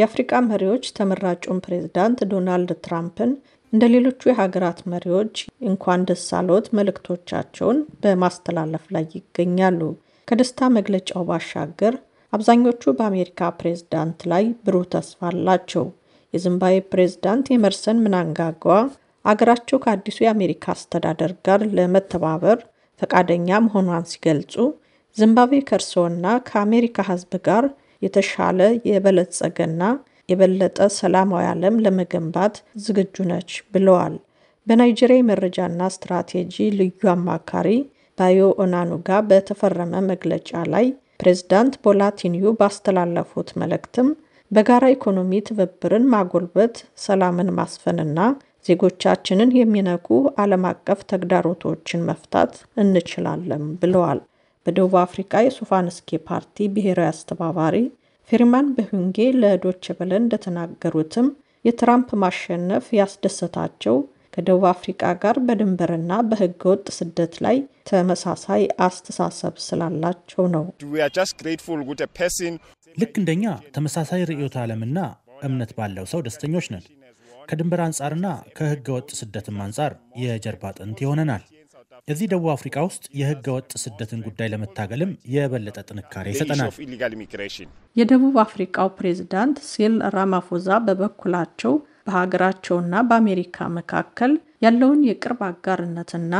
የአፍሪቃ መሪዎች ተመራጩን ፕሬዝዳንት ዶናልድ ትራምፕን እንደ ሌሎቹ የሀገራት መሪዎች እንኳን ደስ መልእክቶቻቸውን በማስተላለፍ ላይ ይገኛሉ። ከደስታ መግለጫው ባሻገር አብዛኞቹ በአሜሪካ ፕሬዝዳንት ላይ ብሩህ ተስፋ አላቸው። የዚምባብዌ ፕሬዝዳንት ኤመርሰን ምናንጋጓ አገራቸው ከአዲሱ የአሜሪካ አስተዳደር ጋር ለመተባበር ፈቃደኛ መሆኗን ሲገልጹ ዚምባብዌ ከእርስዎና ከአሜሪካ ሕዝብ ጋር የተሻለ የበለጸገና የበለጠ ሰላማዊ ዓለም ለመገንባት ዝግጁ ነች ብለዋል። በናይጄሪያ የመረጃና ስትራቴጂ ልዩ አማካሪ ባዮ ኦናኑጋ በተፈረመ መግለጫ ላይ ፕሬዝዳንት ቦላቲኒዩ ባስተላለፉት መልእክትም በጋራ ኢኮኖሚ ትብብርን ማጎልበት፣ ሰላምን ማስፈንና ዜጎቻችንን የሚነኩ ዓለም አቀፍ ተግዳሮቶችን መፍታት እንችላለን ብለዋል። በደቡብ አፍሪካ የሱፋንስኪ ፓርቲ ብሔራዊ አስተባባሪ ፌሪማን በሁንጌ ለዶች በለ እንደተናገሩትም የትራምፕ ማሸነፍ ያስደሰታቸው ከደቡብ አፍሪቃ ጋር በድንበርና በህገ ወጥ ስደት ላይ ተመሳሳይ አስተሳሰብ ስላላቸው ነው። ልክ እንደኛ ተመሳሳይ ርዕዮተ ዓለምና እምነት ባለው ሰው ደስተኞች ነን። ከድንበር አንጻርና ከህገ ወጥ ስደትም አንጻር የጀርባ አጥንት ይሆነናል። እዚህ ደቡብ አፍሪካ ውስጥ የህገ ወጥ ስደትን ጉዳይ ለመታገልም የበለጠ ጥንካሬ ይሰጠናል። የደቡብ አፍሪካው ፕሬዚዳንት ሲል ራማፎዛ በበኩላቸው በሀገራቸውና በአሜሪካ መካከል ያለውን የቅርብ አጋርነትና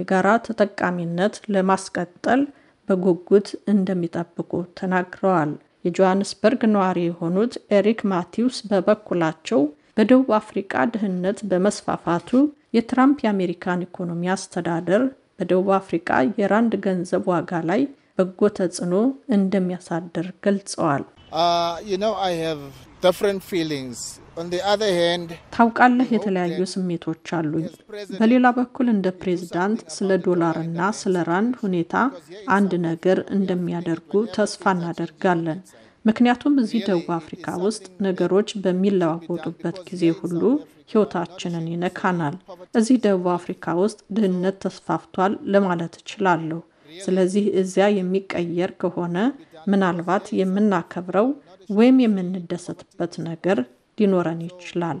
የጋራ ተጠቃሚነት ለማስቀጠል በጉጉት እንደሚጠብቁ ተናግረዋል። የጆሃንስበርግ ነዋሪ የሆኑት ኤሪክ ማቲውስ በበኩላቸው በደቡብ አፍሪካ ድህነት በመስፋፋቱ የትራምፕ የአሜሪካን ኢኮኖሚ አስተዳደር በደቡብ አፍሪቃ የራንድ ገንዘብ ዋጋ ላይ በጎ ተጽዕኖ እንደሚያሳድር ገልጸዋል። uh, ታውቃለህ፣ የተለያዩ ስሜቶች አሉኝ። በሌላ በኩል እንደ ፕሬዝዳንት ስለ ዶላርና ስለ ራንድ ሁኔታ አንድ ነገር እንደሚያደርጉ ተስፋ እናደርጋለን። ምክንያቱም እዚህ ደቡብ አፍሪካ ውስጥ ነገሮች በሚለዋወጡበት ጊዜ ሁሉ ህይወታችንን ይነካናል። እዚህ ደቡብ አፍሪካ ውስጥ ድህነት ተስፋፍቷል ለማለት እችላለሁ። ስለዚህ እዚያ የሚቀየር ከሆነ ምናልባት የምናከብረው ወይም የምንደሰትበት ነገር ሊኖረን ይችላል።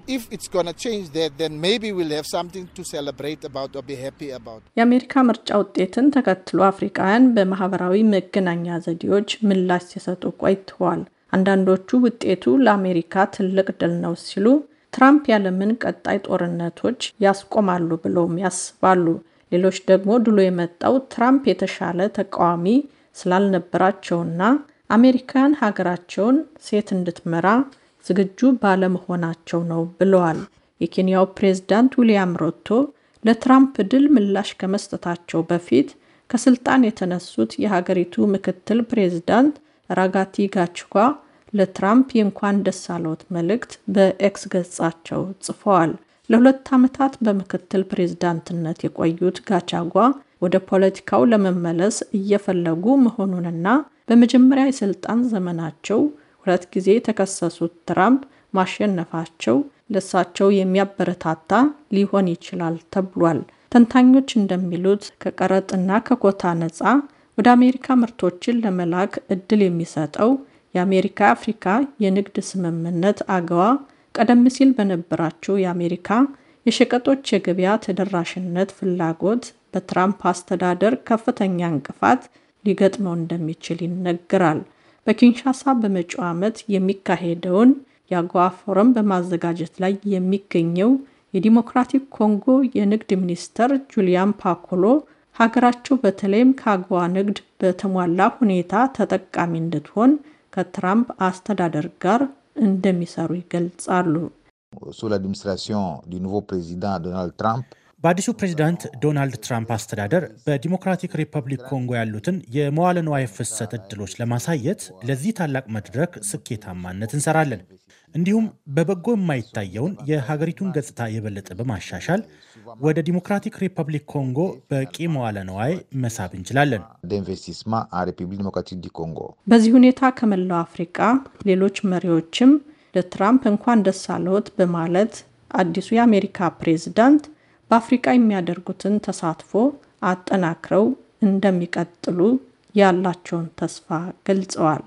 የአሜሪካ ምርጫ ውጤትን ተከትሎ አፍሪካውያን በማህበራዊ መገናኛ ዘዴዎች ምላሽ ሲሰጡ ቆይተዋል። አንዳንዶቹ ውጤቱ ለአሜሪካ ትልቅ ድል ነው ሲሉ ትራምፕ ያለምን ቀጣይ ጦርነቶች ያስቆማሉ ብለውም ያስባሉ። ሌሎች ደግሞ ድሎ የመጣው ትራምፕ የተሻለ ተቃዋሚ ስላልነበራቸውና አሜሪካን ሀገራቸውን ሴት እንድትመራ ዝግጁ ባለመሆናቸው ነው ብለዋል። የኬንያው ፕሬዝዳንት ዊልያም ሮቶ ለትራምፕ ድል ምላሽ ከመስጠታቸው በፊት ከስልጣን የተነሱት የሀገሪቱ ምክትል ፕሬዝዳንት ራጋቲ ጋችጓ ለትራምፕ የእንኳን ደስ አለዎት መልእክት በኤክስ ገጻቸው ጽፈዋል። ለሁለት ዓመታት በምክትል ፕሬዝዳንትነት የቆዩት ጋቻጓ ወደ ፖለቲካው ለመመለስ እየፈለጉ መሆኑንና በመጀመሪያ የስልጣን ዘመናቸው ሁለት ጊዜ የተከሰሱት ትራምፕ ማሸነፋቸው ለሳቸው የሚያበረታታ ሊሆን ይችላል ተብሏል። ተንታኞች እንደሚሉት ከቀረጥና ከኮታ ነፃ ወደ አሜሪካ ምርቶችን ለመላክ እድል የሚሰጠው የአሜሪካ አፍሪካ የንግድ ስምምነት አገዋ ቀደም ሲል በነበራቸው የአሜሪካ የሸቀጦች የገበያ ተደራሽነት ፍላጎት በትራምፕ አስተዳደር ከፍተኛ እንቅፋት ሊገጥመው እንደሚችል ይነገራል። በኪንሻሳ በመጪው ዓመት የሚካሄደውን የአገዋ ፎረም በማዘጋጀት ላይ የሚገኘው የዲሞክራቲክ ኮንጎ የንግድ ሚኒስተር ጁሊያን ፓኮሎ ሀገራቸው በተለይም ከአገዋ ንግድ በተሟላ ሁኔታ ተጠቃሚ እንድትሆን ከትራምፕ አስተዳደር ጋር እንደሚሰሩ ይገልጻሉ። በአዲሱ ፕሬዚዳንት ዶናልድ ትራምፕ አስተዳደር በዲሞክራቲክ ሪፐብሊክ ኮንጎ ያሉትን የመዋለ ንዋይ ፍሰት እድሎች ለማሳየት ለዚህ ታላቅ መድረክ ስኬታማነት እንሰራለን። እንዲሁም በበጎ የማይታየውን የሀገሪቱን ገጽታ የበለጠ በማሻሻል ወደ ዲሞክራቲክ ሪፐብሊክ ኮንጎ በቂ መዋለ ነዋይ መሳብ እንችላለን። በዚህ ሁኔታ ከመላው አፍሪቃ ሌሎች መሪዎችም ለትራምፕ እንኳን ደስ አለዎት በማለት አዲሱ የአሜሪካ ፕሬዝዳንት በአፍሪቃ የሚያደርጉትን ተሳትፎ አጠናክረው እንደሚቀጥሉ ያላቸውን ተስፋ ገልጸዋል።